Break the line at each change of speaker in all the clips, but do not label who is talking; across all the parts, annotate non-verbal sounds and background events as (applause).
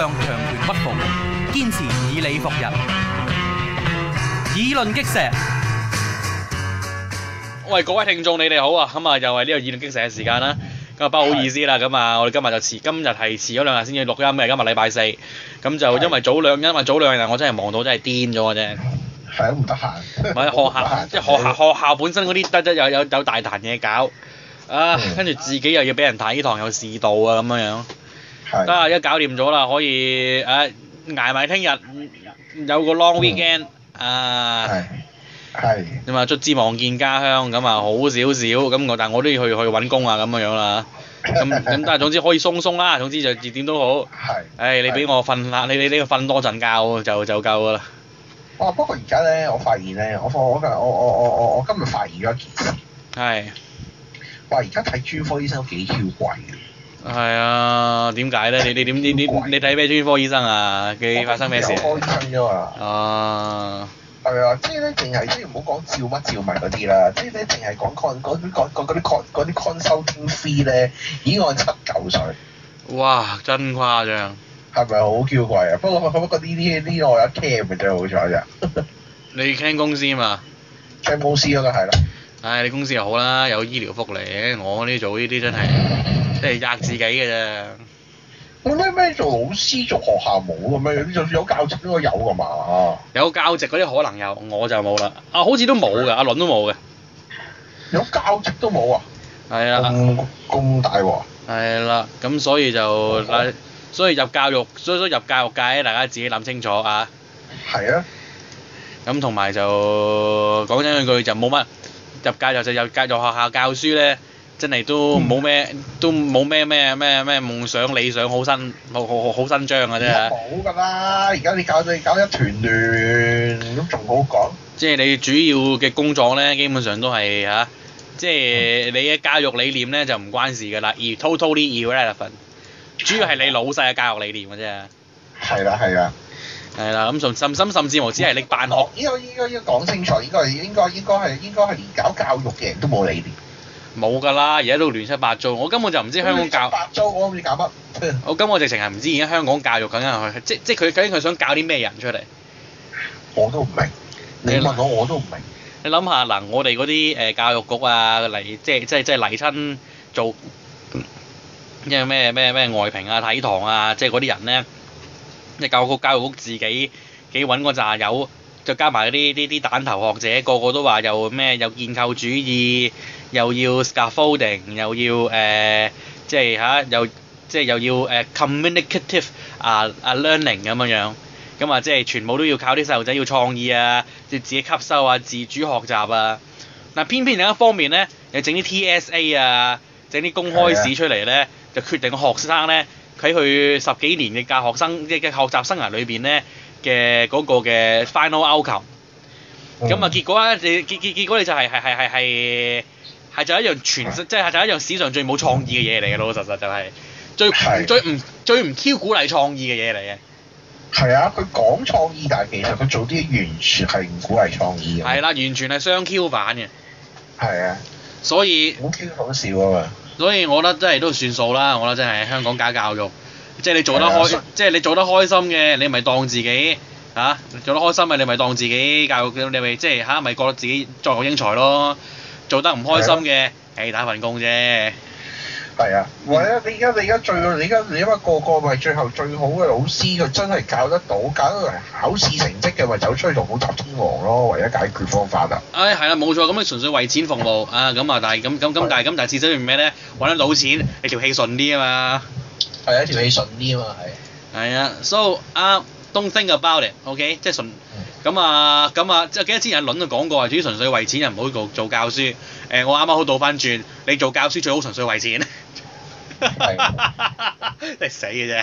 向強權不屈服，堅持以理服人。議論擊石。喂，各位聽眾你哋好啊，咁啊又係呢個議論擊石嘅時間啦。咁啊、嗯、不好意思啦，咁啊我哋今日就遲，今日係遲咗兩日先至錄音，嘅。今日禮拜四。咁就因為早兩因為早兩日我真係忙到真係癲咗嘅啫。係都唔
得閒。唔係是學校，即係學校，學
校本身嗰啲得得有有有大壇嘢搞。啊，嗯、跟住自己又要俾人睇，堂有事道啊咁樣樣。得啊！一搞掂咗啦，可以唉捱埋聽日有個 long weekend 啊，係係咁啊，卒之望見家鄉咁啊，好少少咁我，但係我都要去去搵工啊，咁樣啦嚇。咁咁但係總之可以鬆鬆啦，總之就點都好。係。誒，你俾我瞓下，你你你要瞓多陣覺就就夠㗎啦。哇！
不過而家咧，我發現咧，我我我我我我今日發現咗件事。係。哇！而家睇專科醫生都幾超貴嘅。
係啊，點解咧？你你點？你你你睇咩專科醫生啊？佢發生咩事？啊！
係啊，即係咧，淨係即係唔好講照乜照物嗰啲啦，即係你淨係講 c o 嗰啲 con 嗰啲 consulting fee 咧，已經按七嚿水。哇！真誇張。係咪好嬌貴啊？不過不過呢啲呢個有 care 咪真係好
彩啫。你 c 公司嘛？
c 公司啊，梗
係啦。唉，你公司又好啦，有醫療福利。我呢做呢啲真係。即係吔自己嘅啫。
我咩咩做老師做學校冇嘅咩？就算有教職應該有嘅嘛嚇。
有教職嗰啲可能有，我就冇啦。啊，好似都冇嘅，阿倫都冇嘅。有教職都冇啊？係啊。咁大鑊？係啦，咁所以就啊，所以入教育，所以都入教育界，大家自己諗清楚啊。係啊。咁同埋就講真一句就冇乜入教育就入教育學校教書咧。真係都冇咩，嗯、都冇咩咩咩咩夢想理想好新，好好好好新張嘅啫。冇
㗎啦，而家你搞你搞一團亂，咁仲好講？
即係你主要嘅工作咧，基本上都係嚇、啊，即係你嘅教育理念咧就唔關事㗎啦，而 totally irrelevant。主要係你老細嘅教育理念㗎啫。係啦，係啦，係啦。咁甚甚甚甚至乎、嗯、的只係你辦學，應
該應該應該要講清楚，應該係應該應該係應該係連搞，搞，搞，搞教，教育嘅人都冇理念。
冇㗎啦，而家都亂七八糟，我根本就唔知香港教。八
糟，我唔知搞乜。
(laughs) 我根本直情係唔知而家香港教育緊係去，即即佢究竟佢想教啲咩人出嚟？
我都唔明。你問我我都唔
明。你諗下嗱，我哋嗰啲誒教育局啊，嚟即即即嚟親做，即係咩咩咩外評啊、體堂啊，即嗰啲人咧，即教育局、教育局自己幾揾嗰扎友，就加埋嗰啲啲啲蛋頭學者，個個都話又咩又建構主義，又要 scaffolding 又要誒、呃，即係嚇、啊，又即係又要誒、uh, communicative 啊、uh, 啊、uh, learning 咁樣樣，咁、嗯、啊即係全部都要靠啲細路仔要創意啊，即係自己吸收啊，自主學習啊。嗱，偏偏另一方面咧，又整啲 TSA 啊，整啲公開試出嚟咧，的就決定個學生咧喺佢十幾年嘅教學生嘅嘅學習生涯裏邊咧，嘅嗰個嘅 final outcome，咁啊結果咧、啊，你結結結果你就係係係係係，係、嗯、就係一樣全新即係就係、一樣史上最冇創意嘅嘢嚟嘅，老老實實就係、是、最是的 最唔最唔 Q 鼓勵創意嘅嘢嚟嘅。
係啊，佢講創意，但係其實佢做啲完全係唔鼓勵創意嘅。係啦，
完全係雙 Q 版嘅。係啊的。所以。
好 Q 好笑
啊嘛。所以我覺得真係都算數啦，我覺得真係香港假教育。即係你做得開，即係你做得開心嘅，啊、你咪當自己嚇，做得開心嘅你咪當自己教佢、啊，你咪即係嚇，咪覺得自己作育、啊、英才咯。做得唔開心嘅，誒、啊、打份工啫。係啊，或
者你而家你而家最你而家你而家個個咪最後最好嘅老師，佢真係教得到，教得嚟考試成績嘅咪走出去做補習天王咯。唯一解決方法啦。
誒係、哎、啊，冇錯，咁你純粹為錢服務啊，咁啊但係咁咁咁但係咁但係至少你咩咧？揾到錢，你條氣順啲啊嘛。係一條氣順啲啊嘛係。係啊 (music) ，so d don't think about it，OK，即係純。咁、嗯、啊，咁啊、嗯，即係幾多錢人係輪就講過，至於純粹為錢，又唔好做做教書。誒、呃，我啱啱好倒翻轉，你做教書最好純粹為錢。係 (laughs) 的。 (laughs) 你死嘅啫。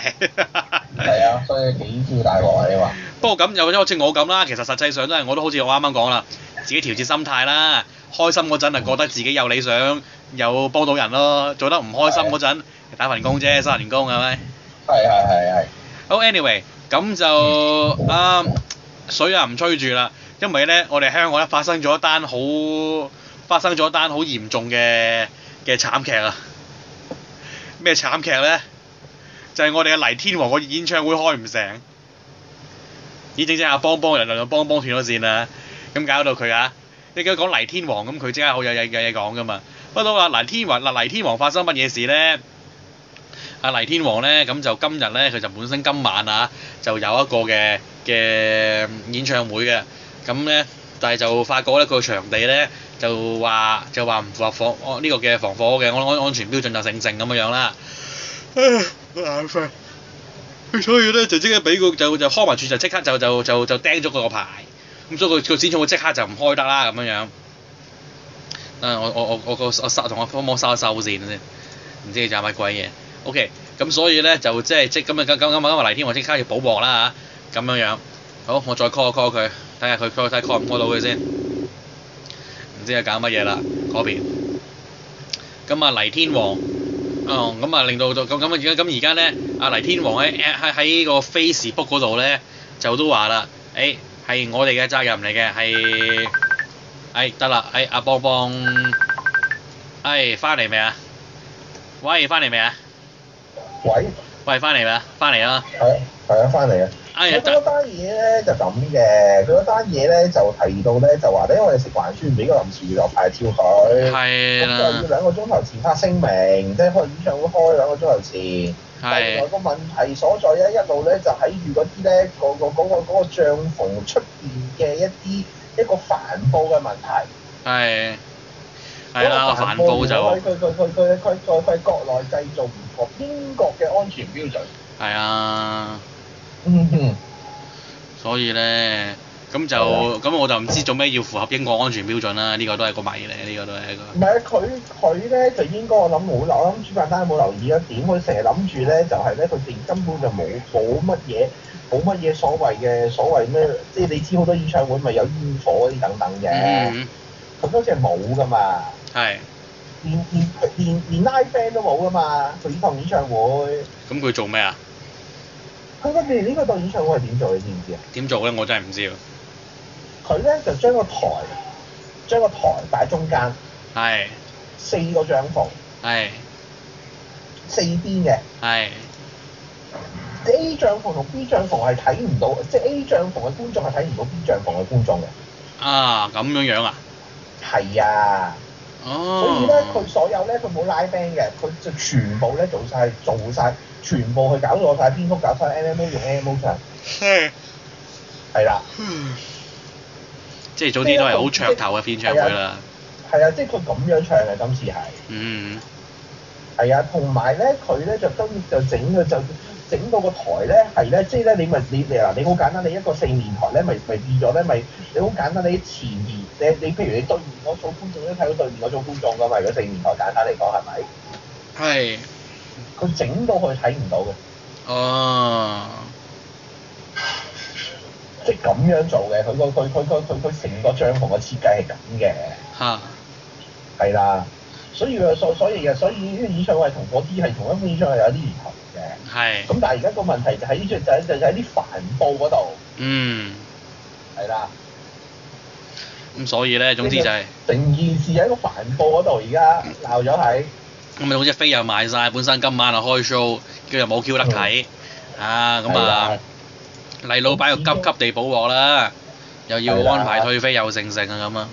係
啊，所以幾苦大鑊啊！你話。
(laughs) 不過咁又或者好似我咁啦，其實實際上都係我都好似我啱啱講啦，自己調節心態啦，開心嗰陣啊，覺得自己有理想。 (music) 有幫到人咯，做得唔開心嗰陣，的打份工啫，三年工係咪？係係係係。好，anyway，咁就啊水啊唔吹住啦，因為咧，我哋香港咧發生咗單好發生咗單好嚴重嘅嘅慘劇啊！咩慘劇咧？就係、是、我哋嘅黎天王個演唱會開唔成，而正正阿邦幫人又幫幫斷咗線啦，咁搞到佢啊！你而家講黎天王咁，佢即刻好有有有嘢講噶嘛？不都話嗱，啊、黎天王嗱黎天王發生乜嘢事咧？阿、啊、黎天王咧，咁就今日咧，佢就本身今晚啊，就有一個嘅嘅演唱會嘅。咁咧，但係就發覺咧，佢個場地咧，就話就話唔符合防呢、啊這個嘅防火嘅安安安全標準就成成咁嘅樣啦、啊。所以咧，就即刻俾佢，就就開埋住，就即刻就就就就釘咗佢個牌。咁所以佢個演唱會即刻就唔開得啦，咁嘅樣。啊！我我我我個我殺同我幫幫殺一殺先先，唔知佢做乜鬼嘢。OK，咁所以咧就即係即咁啊咁咁咁啊黎天王即刻要補鑊啦嚇，咁樣樣。好，我再 call call 佢，睇下佢睇睇 call 唔 call 到佢先。唔知啊搞乜嘢啦嗰邊？咁啊黎天王，哦，咁啊令到就咁咁啊而家咁而家咧，阿黎天王喺喺喺個 Facebook 嗰度咧就都話啦，誒係我哋嘅責任嚟嘅係。哎，得啦，哎，阿波邦，哎，翻嚟未啊？喂，翻嚟未啊？喂？喂，翻嚟未啊？翻嚟啦？
係係啊，翻嚟啊！佢嗰、哎、呀單嘢咧就咁嘅，佢嗰、哎、呀單嘢咧就提到咧就話咧，因為食環署要俾個臨時娛樂牌照佢，係啦，要兩個鐘頭前發聲明，即係開演唱會開兩個鐘頭前。係是。但個問題所在咧，一路咧就喺住嗰啲咧個、嗰個嗰個嗰個帳篷出邊嘅一啲。
一個反報嘅問題，係係啦，反報就佢佢佢
佢佢佢佢國內製造唔過英國嘅安全標
準，係啊，嗯，所以咧咁就咁我就唔知做咩要符合英國安全標準啦。呢個都係個謎嚟，呢個都係一個。
唔係啊，佢佢咧就應該我諗冇留，我諗主辦單冇留意一點，佢成日諗住咧就係咧佢哋根本就冇保乜嘢。冇乜嘢所謂嘅，所謂咩？即係你知好多演唱會咪有煙火嗰啲等等嘅。咁嗰隻係冇噶嘛？
係是。
連連連連拉 Band 都冇噶嘛？做呢趟演唱會。
咁佢、嗯、做咩啊？
佢嗰邊呢個度演唱會係點做你知唔知啊？
點做咧？我真係唔知。
佢咧就將個台，將個台擺中間。係是。四個帳篷。
係是。
四邊嘅。係。即 A 帳篷同 B 帳篷係睇唔到，即係 A 帳篷嘅觀眾係睇唔到 B 帳篷嘅觀眾嘅。
啊，咁樣樣啊？係啊。
哦。所以咧，佢所有咧，佢冇拉 Band 嘅，佢就全部咧做晒，做晒，全部去搞錯晒，編曲，搞晒 MMA 用 MMA 唱。係啦。即
係早啲都係好噱頭嘅演唱會啦。
係啊，即係佢咁樣唱嘅，今次係。嗯。係啊，同埋咧，佢咧就今就整咗。就。整到個台咧，係咧，即係咧，你咪你你嗱，你好簡單，你一個四面台咧，咪咪變咗咧，咪你好簡單，你前面你你譬如你對面嗰組觀眾都睇到對面嗰組觀眾㗎嘛？如果四面台簡單嚟講，係咪？係對。佢整到佢睇唔到嘅。哦。即係咁樣做嘅，佢個佢佢佢佢成個帳篷嘅設計係咁嘅。嚇。係啦，所以所所以又所以呢啲演唱會同嗰啲係同一款演唱會有啲唔同。係。咁但係而家個問題就喺呢出就喺
就喺啲帆布嗰度。嗯。係啦。咁所以咧，總之就係。
成件事喺個帆布嗰度，而家鬧咗喺。
咁啊，總之飛又賣晒，本身今晚啊開 show，跟住又冇 Q 得睇。啊，咁啊，黎老闆又急急地補鑊啦，又要安排退飛，又剩剩啊咁啊。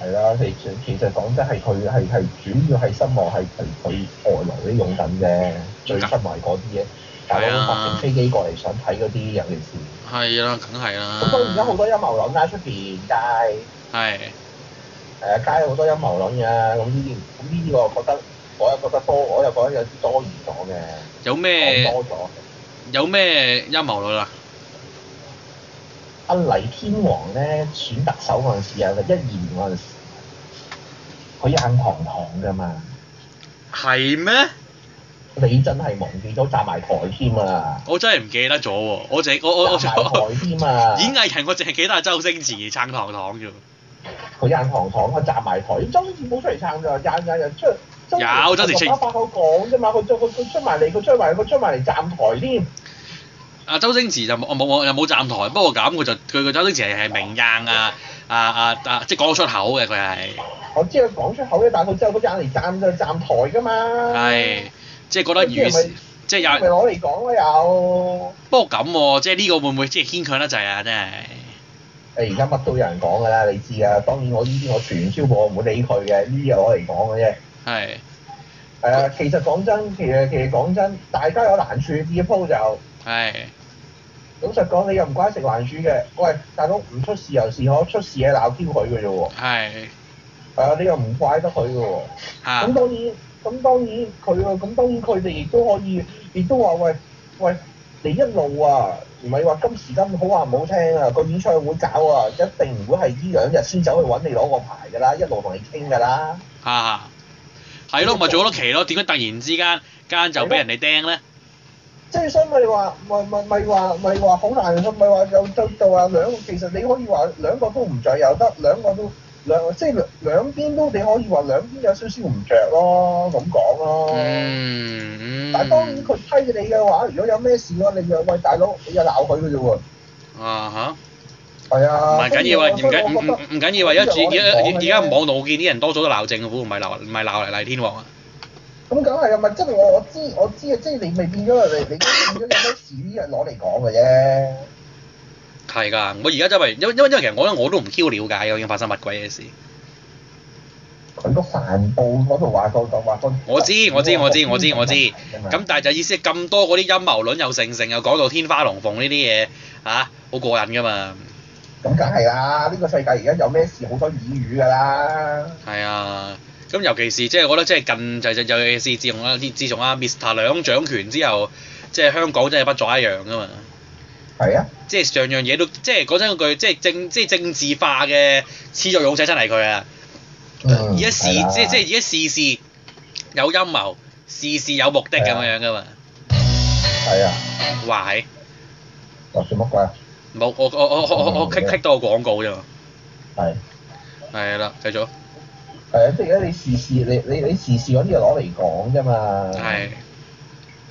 係啦，你其實講真係佢係係主要係失望，係佢外來啲用緊嘅，最出埋嗰啲嘢，大部分飛機過嚟想睇嗰啲尤其是。係啦，梗係啦。咁當而家好多陰謀論啦出邊，街，係係誒街好多陰謀論㗎，啊，咁呢咁呢啲我覺得我又覺得多，我又覺得有啲多餘咗嘅。有咩多
咗？有咩陰謀
論啊？阿、啊、黎天王咧選特首嗰陣時啊，一二年嗰陣時，佢撐唐唐㗎嘛？係咩嗎？你真係忘記咗站埋台添啊！
我真係唔記得咗喎，我淨我我我站台添啊！ (laughs) 演藝人我淨係記得周星馳撐唐唐啫。
佢撐唐唐，佢站埋台。周星馳冇出嚟撐啫，日日日出。有周星馳，有周星馳出。佢發講啫嘛，佢佢佢出埋嚟，佢出埋，佢出埋嚟站台添。
啊，周星馳就冇我冇我又冇站台，不過咁佢就佢個周星馳係係明硬啊啊啊啊即講出口嘅佢係。我知
佢講出口嘅，但係
佢周哥爭嚟站就站台㗎嘛。係，即係覺得如，即係又。係咪攞嚟
講咯又？
不過咁喎，即係呢個會唔會即係牽強得滯啊？真係。誒
而家乜都有人講㗎啦，你知啊。當然我呢啲我全超過唔會理佢嘅，呢啲又攞嚟講嘅啫。係。誒其實講真，其實其實講真，大家有難處，呢鋪就。係。老實講，你又唔關食環署嘅。喂，大佬，唔出事又是可，出事嘢鬧鳩佢嘅啫喎。係的。啊，你又唔怪得佢嘅喎。咁、啊、當然，咁當然佢啊，咁當然佢哋亦都可以，亦都話喂，喂，你一路啊，唔係話今時今日好話唔好聽啊，個演唱會搞啊，一定唔會係呢兩日先走去揾你攞個牌㗎啦，一路同你傾㗎啦。
嚇、啊。係咯，咪做多期咯，點解突然之間間就俾人哋釘咧？
即係所以咪話咪咪咪話咪話好難，唔係話又就就話兩，其實你可以話兩個都唔著又得，兩個都兩即係兩邊都你可以話兩邊有少少唔著咯，咁講咯。嗯嗯。但係當然佢批你嘅話，如果有咩
事嘅話，你兩位大佬你又鬧佢嘅啫喎。啊嚇！係啊。唔係緊要啊，唔緊唔唔緊要啊，而家而家而家網度見啲人多咗都鬧政府，唔係鬧唔係鬧黎天王啊。
咁梗係啦，咪係真係我我知
我知啊，即係你未變咗你你變咗啲事呢啲攞嚟講嘅啫。係噶，我而家周圍因因為因為其實我咧我都唔 Q 了解嘅，已經發生乜鬼嘢事。
佢都散布嗰度話就話我知我知我知我知我知，
咁但係就意思咁多嗰啲陰謀論又成成又講到天花龍鳳呢啲嘢嚇，好、啊、過癮噶嘛。咁梗係啦，呢、呢個
世界而家有咩事好多耳語㗎啦。
係啊。咁尤其是即係我覺得即係近就就尤其是自從啊自自從啊 Mr 兩掌權之後，即係香港真係不盡一樣㗎嘛。係啊，即係上樣嘢都即係講真句，即係政即係政治化嘅始作俑者真係佢啊！而家事即即而家事事有陰謀，事事有目的咁樣樣㗎嘛。
係啊。話我講乜鬼啊？冇我我
我我我我我我 k kick 多個廣告啫嘛。係。係啦，繼續。
係啊，即係而家你時事，你你你時事嗰啲就攞嚟講啫嘛。係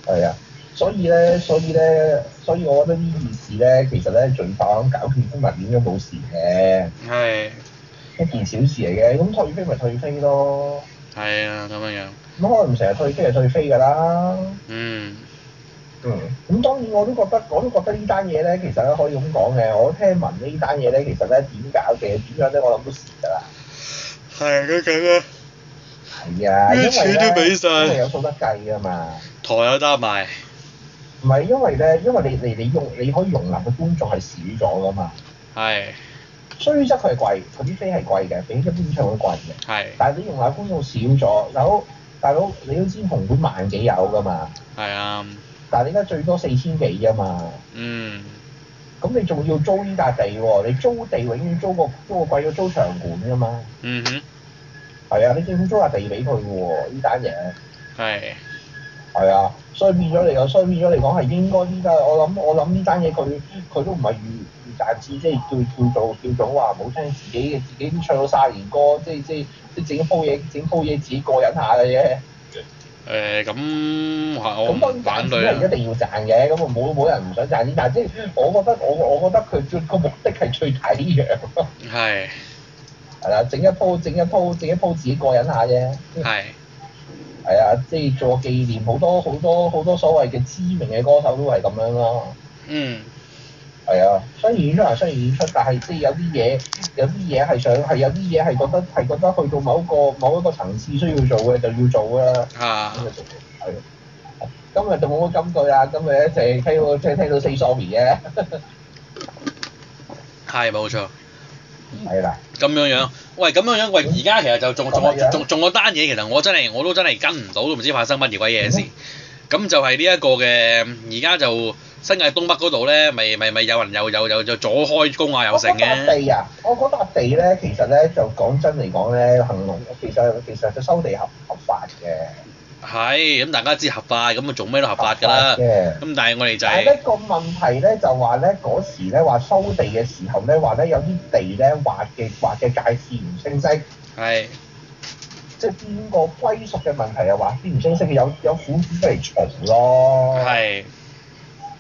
的。係啊，所以咧，所以咧，所以我覺得呢件事咧，其實咧，盡快咁解決，咪點都冇事嘅。係。一件小事嚟嘅，咁退飛咪退飛咯。係啊，咁樣樣。咁可能唔成日退飛，係退飛㗎啦。嗯。嗯。咁當然我都覺得，我都覺得呢單嘢咧，其實咧可以咁講嘅。我聽聞呢單嘢咧，其實咧點搞嘅，點樣咧，我諗都事㗎啦。係嘅，梗啦，啲錢都俾曬，因為有數得計啊嘛。
台有得賣。
唔係因為咧，因為你你你用你可以容納嘅觀眾係少咗噶嘛。係。雖則佢係貴，佢啲飛係貴嘅，比啲演唱會貴嘅。係。但係你容納觀眾少咗，大佬，大佬你都知紅館萬幾有噶嘛？係啊。但係你而家最多四千幾啫嘛。嗯。咁你仲要租呢笪地喎，哦？你租地永遠租個租個貴過租過場館噶嘛？嗯哼、mm，係、hmm. 啊，你政府租下地俾佢喎？呢單嘢係係啊，所以變咗嚟又，所以變咗嚟講係應該。我諗我諗呢單嘢佢佢都唔係預預賺錢，即係叫叫做叫做，叫做話冇聽自己嘅自己都唱到三十年歌，即係即係即係整煲嘢整煲嘢自己過癮下嘅啫。
誒咁咁，我反對啊！咁當然啦，一定
要賺嘅，咁啊冇冇人唔想賺錢，但係即係我覺得我我覺得佢最個目的係最大呢樣咯。係
(laughs) 是。
係啦，整一鋪整一鋪整一鋪自己過癮下啫。係是。係啊，即係做紀念，好多好多好多所謂嘅知名嘅歌手都係咁樣咯。嗯。係啊，雖然演出係雖然演出，但係即係有啲嘢，有啲嘢係想係有啲嘢係覺得係覺得去到某一個某一個層次需要做嘅
就要做啦。啊，今日仲冇乜金句啊？今日一齊喺度聽聽
到 say sorry 啫。係冇
錯。係啦。咁樣樣，喂，咁樣樣，喂，而家其實就仲仲仲仲個單嘢，其實我真係我都真係跟唔到，都唔知發生乜嘢鬼嘢事。咁就係呢一個嘅，而家就。新界東北嗰度咧，咪咪咪有人又又又就左開工啊，有成嘅。地啊，
我嗰笪地咧，其實咧就講真嚟講咧，恆隆其實其實佢收地合合法嘅。
係，咁大家知合法，咁啊做咩都合法㗎啦。咁但係我哋就係一
個問題咧，就話咧嗰時咧話收地嘅時候咧話咧有啲地咧劃嘅劃嘅界線唔清晰。係。即係邊個歸屬嘅問題啊？話邊唔清晰，有有苦主嚟嘈咯。係。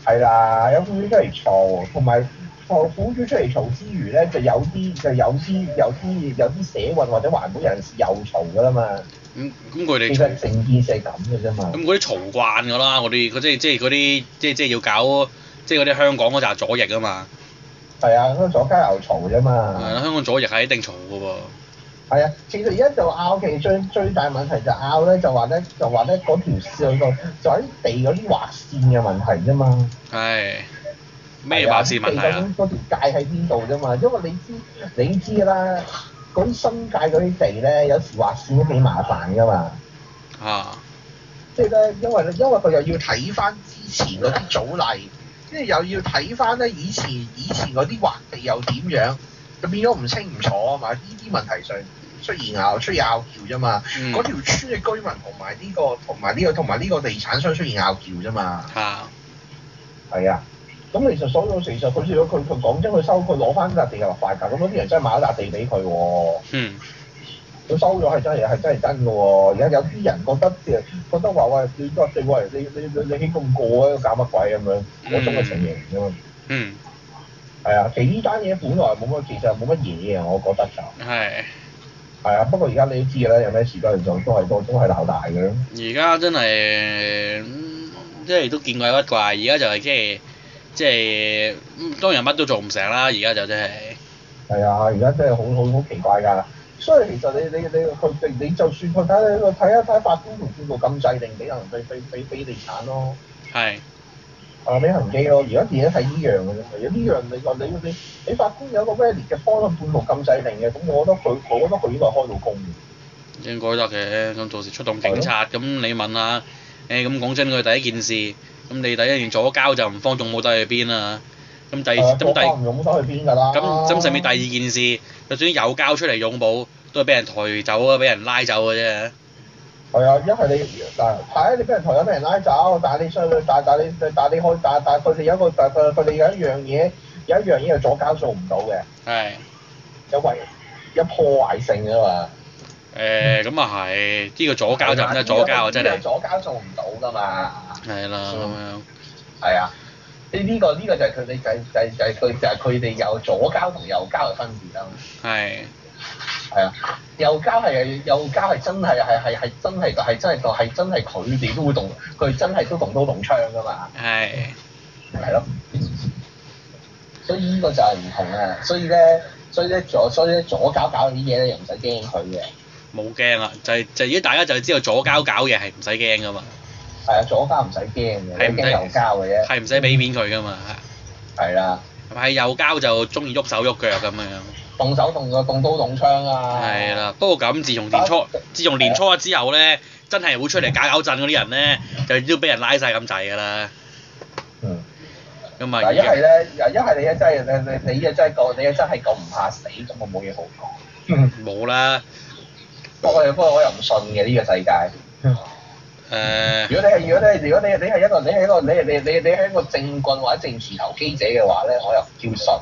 係啦，有股主出嚟嘈，同埋個股主出嚟嘈之餘咧，就有啲就有啲有啲有啲社運或者環保人士又嘈噶啦嘛。咁咁佢哋成件事係咁嘅啫
嘛。咁嗰啲嘈慣噶啦，我哋即係即係嗰啲即係即係要搞即係嗰啲香港嗰陣左翼啊嘛。
係啊，咁個左街又嘈啫嘛。係啦，
香港左翼係一定嘈噶喎。
係啊，其實而家就拗其實最最大問題就拗咧，就話咧就話咧嗰條線喺度，就喺地嗰啲畫線嘅問題啫嘛。係
咩畫線問題，啊？
嗰條界喺邊度啫嘛？因為你知你知啦，嗰啲新界嗰啲地咧，有時畫線都幾麻煩㗎嘛。啊！即係咧，因為因為佢又要睇翻之前嗰啲祖例，即係又要睇翻咧以前以前嗰啲畫地又點樣？就變咗唔清唔楚啊嘛！呢啲問題上出現拗出拗撬啫嘛。嗰、嗯、條村嘅居民同埋呢個同埋呢個同埋呢個地產商出現拗撬啫嘛。嚇。係啊。咁、啊、其實所有事實，佢佢佢講真，佢收佢攞翻嗰笪地又發㗎。咁嗰啲人真係買一笪地俾佢喎。嗯。佢收咗係真係係真係真㗎喎。而家有啲人覺得誒，覺得話喂，喂，喂，你喂，你你你你咁過啊，搞乜鬼咁樣？我真係陳年嘅嘛。嗯。係啊，地呢單嘢本來冇乜，其實冇乜嘢啊，我覺得就係係是啊，不過而家你都知嘅啦，有咩事都係上都係都係鬧大嘅咯。
而家真係、嗯、即係都見怪不怪，而家就係、是、即係即係，當然乜都做唔成啦。而家就真係係啊，
而家真係好好好奇怪㗎。所以其實你你你佢你你就算佢睇佢睇一睇法官同見到禁制令，俾人俾俾俾俾地產咯。係。阿咩恒基咯，而家自己睇呢樣嘅啫嘛，有呢樣你話你你你法官有個 valid 嘅方兩半度禁制令嘅，咁我覺
得佢，我覺得佢應該開到工。應該得嘅，咁到時出動警察，咁的你問下，誒咁講真佢第一件事，咁你第一件左膠就唔放，仲冇左膠 得去邊啊？咁第咁第，唔用
得去邊㗎啦？咁咁甚至乎第二
件事，就算有膠出嚟擁抱，都係俾人抬走啊，俾人拉走嘅啫。
係啊，因為你嗱係啊，你俾人抬咗，俾人拉走。但係你上去，打，但你但係你可以，但係佢哋有一個，佢哋有一樣嘢，有一樣嘢係左膠做唔到嘅。係的。有違，有破壞性嘅、嗯這個、
嘛。誒，咁啊係，呢個左膠就唔得，左膠我真係。左膠做唔到
㗎
嘛。係啦，咁樣。
係啊，呢呢個呢個就係佢，就就就係佢，就係佢哋有左膠同右膠嘅分別啦。係。係啊，右膠係右膠係真係係係係真係係真係個真係佢哋都會動，佢真係都動刀動,動槍噶嘛。係的，係咯。所以呢個就係唔同啊！所以咧，所以咧左所以咧左膠搞啲嘢咧，又唔使驚佢
嘅。冇驚啊！就係、是、就依、是、家大家就係知道左膠搞嘢係唔使驚噶
嘛。係啊，左膠唔使驚嘅，係唔使右膠嘅
啫。係唔使俾面佢噶嘛？係的。係啦。係右膠就中意喐手喐腳咁樣。
動手動腳，
動刀動槍啊！係啦，不過咁，自從年初，但自從年初一之後咧，真係會出嚟搞搞震嗰啲人咧，就都俾人拉晒咁滯㗎啦。嗯。咁啊麼！一係咧，一係你啊，你真係你真你你啊，真係講你啊，真係咁
唔怕死，咁我冇嘢好講。冇、嗯、啦。不過，不過我又唔信嘅呢、這個世界。誒、嗯。如果你係如果你如果你你係一個你係一個你你你你係一個政棍或者政治投機者嘅
話咧，我又叫信。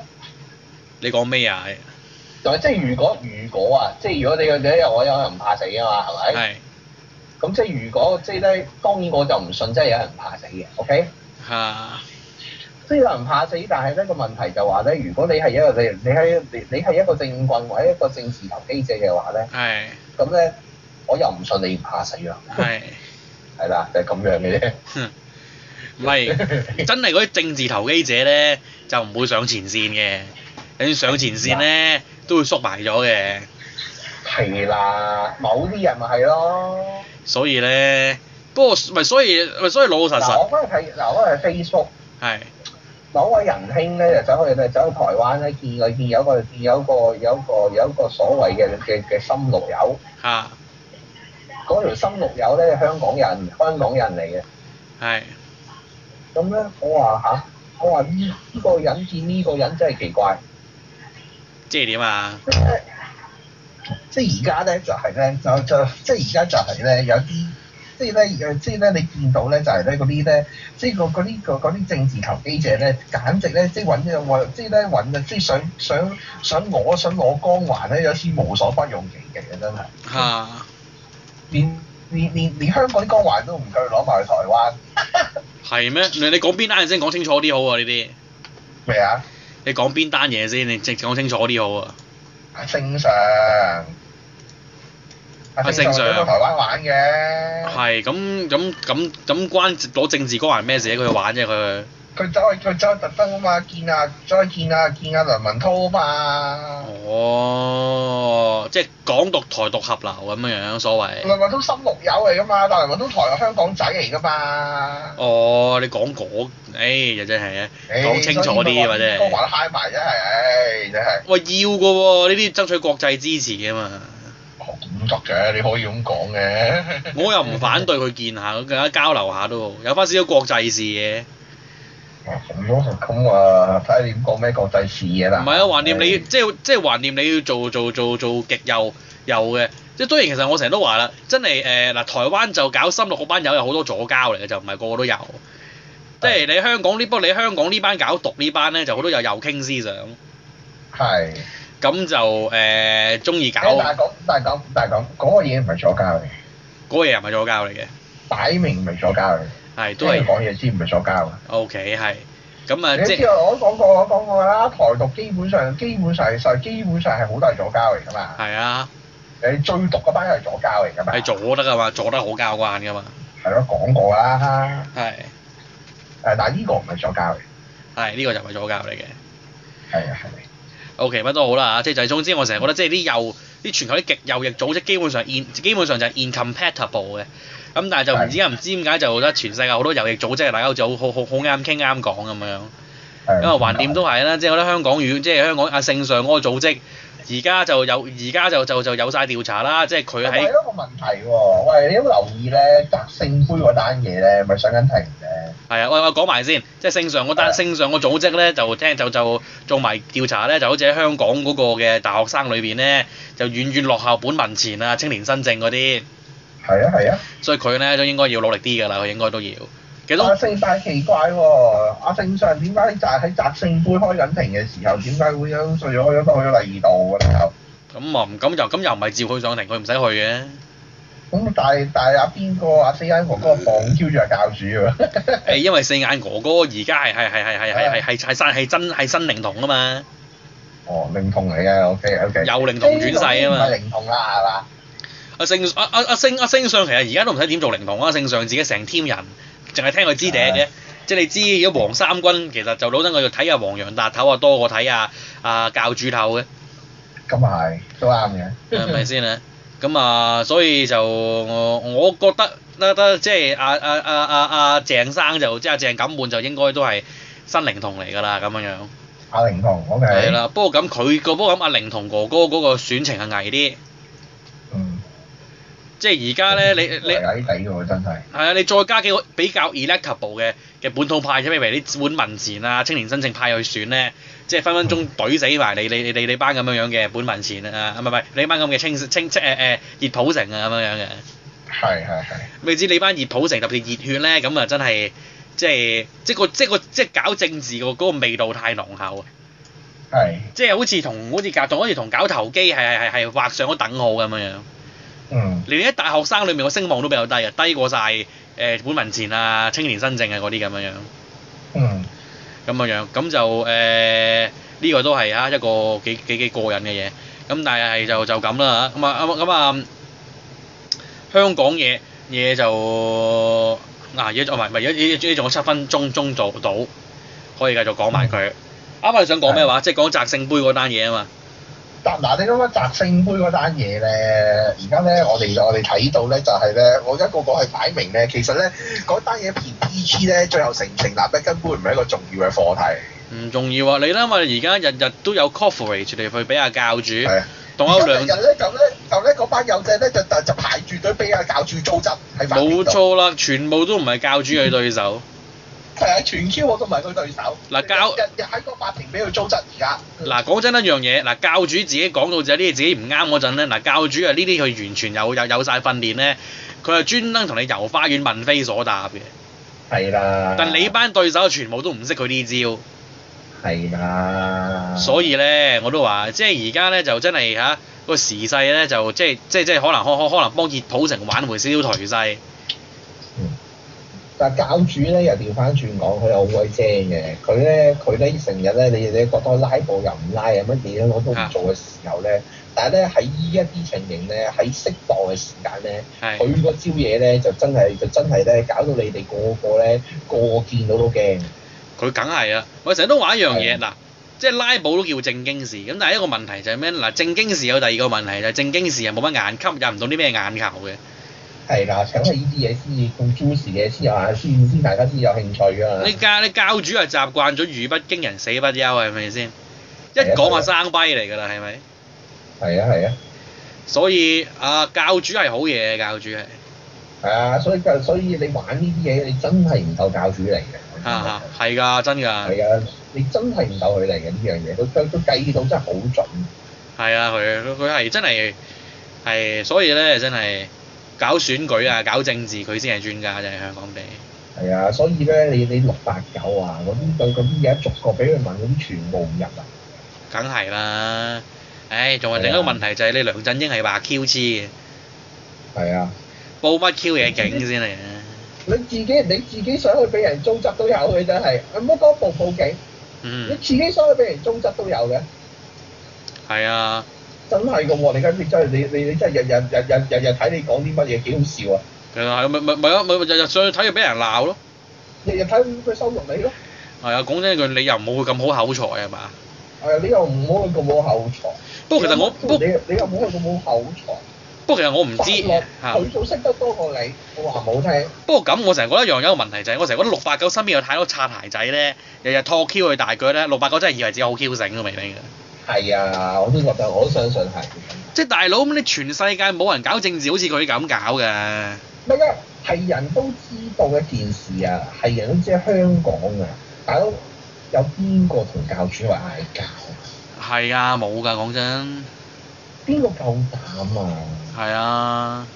你講咩啊？
即係如果如果啊，即係如果你嘅咧又我有人唔怕死嘅嘛，係咪？係。咁即係如果即係咧，當然我就唔信真係有人怕死嘅，OK？即係有人怕死，但係呢個問題就話咧，如果你係一個你你係你你係一個政棍或者一個政治投機者嘅話咧，係。咁咧，我又唔信你唔怕死㗎。係
Yes.。
係啦，就係咁樣嘅啫。
唔係，真係嗰啲政治投機者咧，就唔會上前線嘅。你上前線咧？ (noise) 嗯都會縮埋咗嘅。係啦，
某啲人咪係咯。
所以咧，不過咪所以咪所以老老實實。嗱，
我嗰日睇，嗱，嗰日
Facebook。
係。我個人傾咧，就走去咧，走去台灣咧，見我見有個有個有個有個所謂嘅嘅嘅深綠友。啊。嗰條深綠友咧，香港人，香港人嚟嘅。係。咁咧，我話嚇，我話呢呢個人見呢個人真係奇怪。即係點啊？即係，而家咧就係咧，就、就即係而家就係咧有啲，即係咧，即係咧，你見到咧就係咧嗰啲咧，即係個嗰啲個啲政治投機者咧，簡直咧即係揾即係咧揾嘅，即係想想想攞想攞光環咧，有啲無所不用其極啊，真係嚇！連連連連香港啲光環都唔夠攞埋去台灣，
係 (laughs) 咩？你你講邊單先講清楚啲好啊？呢啲咩啊？你講邊單嘢先？你直講清楚啲好
啊！正常，阿鄭秀去台灣玩
嘅。係咁咁咁咁關攞政治歌嚟咩事？佢玩啫佢。
佢走去佢走去特登啊嘛、啊，見啊，再見啊，見阿、啊、梁文韜啊嘛。
哦，即係港獨台獨合流咁樣樣所謂。
梁文韜深綠友嚟噶嘛，但係
梁文韜台係香港仔嚟噶嘛。哦，你講嗰，誒、哎、又真係、哎、啊，講清楚啲咁啊啫。個話
嗨埋
真係，誒真係。喂，要嘅喎，呢啲要爭取國際支持嘅嘛。咁作嘅，你可以咁講嘅。 (laughs) 我又唔反對佢見下，咁大家交流下都，有翻少少國際事嘅。
咁樣就咁啊！睇你點講咩國際事嘢啦～唔係啊，懷念你，即
係即係懷念你要做做做做極右右嘅。即係當然，其實我成日都話啦，真係誒嗱，台灣就搞深綠嗰班友有好多左膠嚟嘅，就唔係個個都有。即係你香港呢？不過你香港呢班搞獨呢班咧，就好多有右傾思想。係。咁就誒，中意搞。誒，但係講，但係講，但係
講，嗰個嘢唔係左膠嚟嘅。嗰個嘢又唔係左膠嚟嘅。擺明唔係左膠嚟。係都係講嘢、okay, 知唔係左膠啊？OK 係咁啊！即知我講過，我講過啦。台獨基本上，基本上係甚，基本上係好多大左膠嚟噶嘛？係啊！你
最獨嗰班係左膠嚟噶嘛？係左得噶嘛？左得好交關噶嘛？係咯，講
過啦。係是。誒，但
係呢個唔係左膠嚟。係、這、呢個就唔係左膠嚟嘅。係啊係。OK，乜都好啦，即係就係、是、總之，我成日覺得即係啲右，啲全球啲極右翼組織基本上現，基本上, in, 基本上就係 incompatible 嘅。咁但係就唔知啊，唔是的 知點解就覺得全世界好多遊擊組織，大家就好好好啱傾啱講咁樣。因為橫掂都係啦，即係我覺得香港即係香港啊聖上嗰個組織，而家就有而家就就就有晒調查啦，即係佢喺。係一個
問題喂，你有冇留意咧？革聖杯嗰單嘢咧，咪上緊
庭嘅？係啊，我我講埋先，即係聖上嗰單聖上嗰組織咧，就聽就就，就做埋調查咧，就好似喺香港嗰個嘅大學生裏邊咧，就遠遠落後本民前啊，青年新政嗰啲。係啊係啊，所以佢咧都應該要努力啲㗎啦，佢應該都要。
其實阿四大奇怪喎，阿聖上點解喺集喺集聖杯開緊庭嘅時候，點解會咁衰咗開
咗開咗第二度㗎啦又？咁啊唔敢入，咁又唔係召佢上庭，佢唔使去嘅。
咁但係但係阿邊個阿四眼哥哥望住係教主喎？
係因為四眼哥哥而家係係係係係係係係係真係新靈童啊嘛。哦，
靈童嚟嘅，OK OK。有靈童轉世啊嘛。呢個唔係靈童啦係嘛？
阿盛阿阿阿盛阿盛上其實而家都唔使點做靈童，阿盛上自己成添人，淨係聽佢支笛嘅，即係你知如果黃三軍其實就攞真佢睇下黃洋達頭啊多過睇下阿教主頭嘅，咁啊
係都啱
嘅，係咪先啊？咁啊，所以就我我覺得得得即係阿阿阿阿阿鄭生就即阿鄭錦滿就應該都係新靈童嚟㗎啦，咁樣樣。阿靈童 O K。係啦，不過咁佢個不過咁阿靈童哥哥嗰個選情係危啲。即係而家咧，嗯、你你係
矮真
係。係啊，你再加幾個比較 electable 嘅嘅本土派，即係譬如你本民前啊、青年新政派去選咧，即係分分鐘懟死埋你你你你班咁樣樣嘅本民前啊，唔係唔係你班咁嘅青青即誒誒熱普城啊咁樣樣嘅。係係係。未知你班熱普城特別熱血咧，咁啊真係即係即個即個即係搞政治個、嗰個味道太濃厚啊。係是。即係好似同好似搞，好似同，好同，同搞投機係係係係畫上咗等號咁樣樣。連啲大學生裏面個聲望都比較低嘅，低過曬誒本民前啊、青年新政啊嗰啲咁樣樣。嗯。咁樣樣，咁就誒呢個都係嚇一個幾幾幾過癮嘅嘢。咁但係係就就咁啦嚇。咁啊咁啊咁啊，香港嘢嘢就嗱，而家仲唔係唔係而家而而而仲有七分鐘鐘做到，可以繼續講埋佢。啱啱你想講咩話？即係講摘聖杯嗰單嘢啊嘛。
嗱，你啱啱摘星杯嗰單嘢咧，而家咧我哋我哋睇到咧就係咧，我一個一個係擺明咧，其實咧嗰單嘢平唔平咧，最後成唔成立咧，根本唔係一個重要嘅課題。
唔重要啊！你諗下而家日日都有 coverage 嚟去俾阿教主，係啊，棟樑兩日
咧就咧就咧嗰班友仔咧就就排住隊俾阿教主組織喺。冇
錯啦，全部都唔係教主嘅對手。 (laughs)
係啊，全 Q 我都唔係佢對手。嗱、啊，教日日喺個法
庭俾佢遭質而家，嗱、嗯啊，講真一樣嘢，嗱、啊，教主自己講到就係呢啲自己唔啱嗰陣咧，嗱、啊，教主啊，呢啲佢完全有有有曬訓練咧，佢係專登同你遊花園問非所答嘅。
係啦。
但你班對手全部都唔識佢呢招。係啦。所以咧，我都話，即係而家咧就真係嚇個時勢咧就即係即係即係可能可可可能幫熱普城挽回少少頹勢。
但係教主咧又調翻轉講，佢又好鬼正嘅。佢咧佢咧成日咧，你你覺得拉布又唔拉，乜嘢我都唔做嘅時候咧。啊、但係咧喺呢一啲情形咧，喺適當嘅時間咧，佢的個招嘢咧就真係就真係咧搞到你哋個個咧個個,個個見到都驚。
佢梗係啦，我成日都話一樣嘢嗱，即係拉布都叫正經事。咁但係一個問題就係咩？嗱，正經事有第二個問題就係、是、正經事又冇乜眼吸引唔到啲咩眼球嘅。
係啦，梗係呢啲嘢先至到專業嘅，先有啊，先先大家先有興趣㗎嘛。你
教你教主係習慣咗語不驚人，死不休係咪先？一講話生跛嚟㗎啦，係咪？
係啊，係啊。
所以啊，教主係好嘢，教主係。
係啊，所以教所以你玩呢啲嘢，你真係唔夠教主嚟嘅。啊，係㗎，真㗎。係啊，你真係唔夠佢嚟嘅呢樣嘢，佢佢佢計到真係好準。
係啊，佢佢係真係係，所以咧真係。搞選舉啊，搞政治佢先係專家啫，就係、香
港地。係啊，所以咧，你你六八九啊，嗰啲咁咁而家逐個俾佢問，咁全部唔入啊！
梗係啦，唉、哎，仲係另一個問題就係你梁振英係話 Q 字嘅。係啊。報乜 Q 嘢警先嚟？啊？
你自己你自己想去俾人中執都有佢真係，唔好講報報警。嗯。你自己想去俾人中執都有嘅。係啊。真係㗎喎！你
家姐真係你你你真係日日日日日日睇你講啲乜嘢，幾好笑啊！誒係咪咪咪啊！咪日日上去睇佢俾人鬧咯，日日
睇佢
收入你咯。係啊，講真一句，你又唔冇咁好口
才係嘛？啊，你又唔冇咁好口才。不過其實我，你你又冇咁好口才。不過其實我唔知佢好識得多過你，我話唔好聽。不過咁，我
成日覺得一樣有個問題就係，我成日覺得六八九身邊有太多擦鞋仔咧，日日拖 Q 佢大腳咧，六八九真係以為自己好 Q 醒都未聽。
係啊，我都覺得，我都相信係。即係大佬咁，
你全世界冇人搞政治，好似佢咁搞㗎。唔
係啊，係人都知道嘅一件事啊，係人都知喺香港啊。大佬有邊個同教主話嗌
交？係啊，冇㗎，講真。
邊個夠
膽啊？係啊，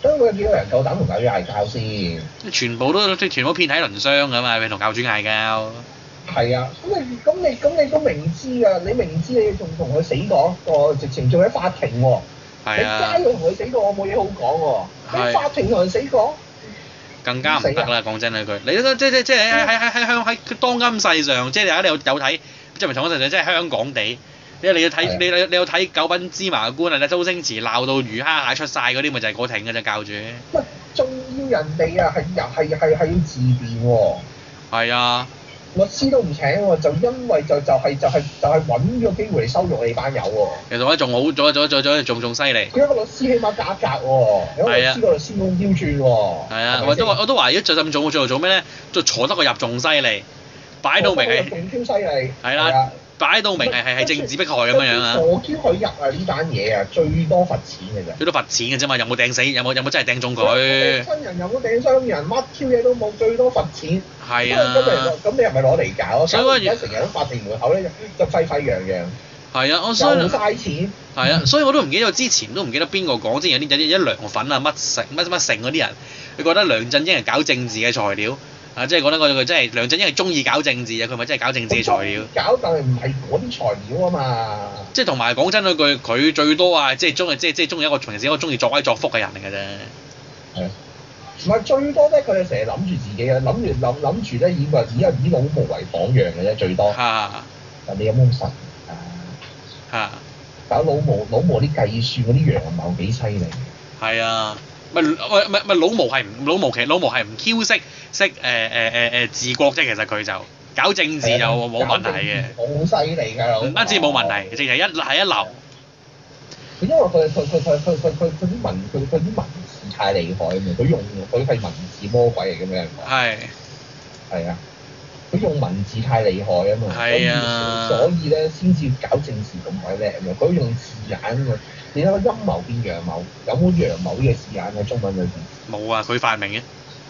所以有幾多人夠膽
同教主嗌交先。
全部都即係全部遍體鱗傷㗎嘛，同教主嗌交。係
啊，咁你咁你咁你都明知啊，你明知你仲同佢死講，啊，我直情仲喺法庭喎。係啊。喺街同佢死過，
我冇嘢好講喎。喺法庭同人死過，更加唔得啦！講真啦，句。你都即即即喺喺喺喺香喺當今世上，即係大家你有有睇，即係唔同嗰陣時，即係香港地，你你要睇你你有睇《九品芝麻官》啊？周星馳鬧到魚蝦蟹出晒嗰啲，咪就係嗰頂嘅啫，教主。唔係，
仲要人哋啊，係人係係要自辯喎。係啊。律師都唔請喎，就因為就係、就係、係、就係就係揾咗機會嚟收容你班友
喎。其實我依仲好咗，仲仲仲仲犀利。
佢一個律師起碼價格喎，有個律師個律師咁刁鑽喎。
係啊，我都我都話，如果再咁做，最後做咩咧？就坐得個入仲犀利，擺到明係。咁超犀利。係啦的。的擺到明係係係政治迫害咁樣樣啊！我見佢入啊
呢單嘢啊，最多罰錢㗎啫。
最多罰錢㗎啫嘛，有冇掟死？有冇有冇真係掟中佢？
傷人又冇掟傷人，乜 Q 嘢都冇，最多罰錢。係啊。咁你咁你係咪攞嚟搞？成
日喺法庭門口咧就就沸沸揚揚。
係啊，我所以。又冇
曬錢。係啊，所以我都唔記得，我之前都唔記得邊個講先有啲陣，一梁粉啊乜成乜乜成嗰啲人，你覺得梁振英係搞政治嘅材料？啊！即係講得嗰句，即係梁振英係中意搞政治啊！佢咪真係搞政治材料？
搞，但係唔係啲材料啊嘛！
即係同埋講真句，佢最多啊！即係中意，即係即係中意一個從前一個中意作威作福嘅人嚟嘅啫。
係啊！唔係最多咧，佢哋成日諗住自己啊，諗完諗諗住咧，以個以以老毛為榜樣嘅啫，最多。嚇！但係你有冇咁神啊？嚇！搞老毛老毛啲計算嗰啲樣又幾犀利？
係啊！啊啊唔，喂，唔係，唔係，老毛係唔老毛，其實老毛係唔翹識識誒誒誒誒治國啫，其實佢就搞政治就冇問題嘅，好犀利
㗎，唔
單止冇問題，淨係一係一流。佢因為佢佢佢佢
佢佢啲文佢佢啲文字太厲害，佢用佢係文字魔鬼嚟嘅咩？係係啊。佢用文字太厲害啊嘛，係啊，所以咧先至搞政治咁鬼叻啊嘛，佢用字眼啊嘛，你睇下陰謀變陽謀，有冇陽謀嘅字眼喺中文裏
邊？冇啊，佢發明嘅。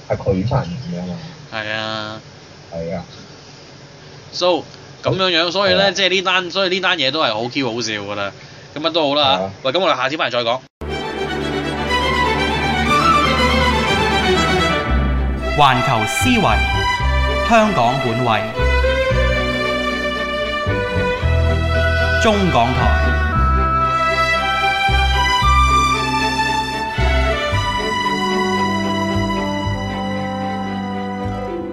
係佢發明嘅嘛。係啊。係啊。So 咁樣樣，所以咧即係呢單，所以呢單嘢都係好 Q 好笑㗎啦。咁乜都好啦嚇，喂，咁我哋下次翻嚟再講。環球思維。香港本位，中港台。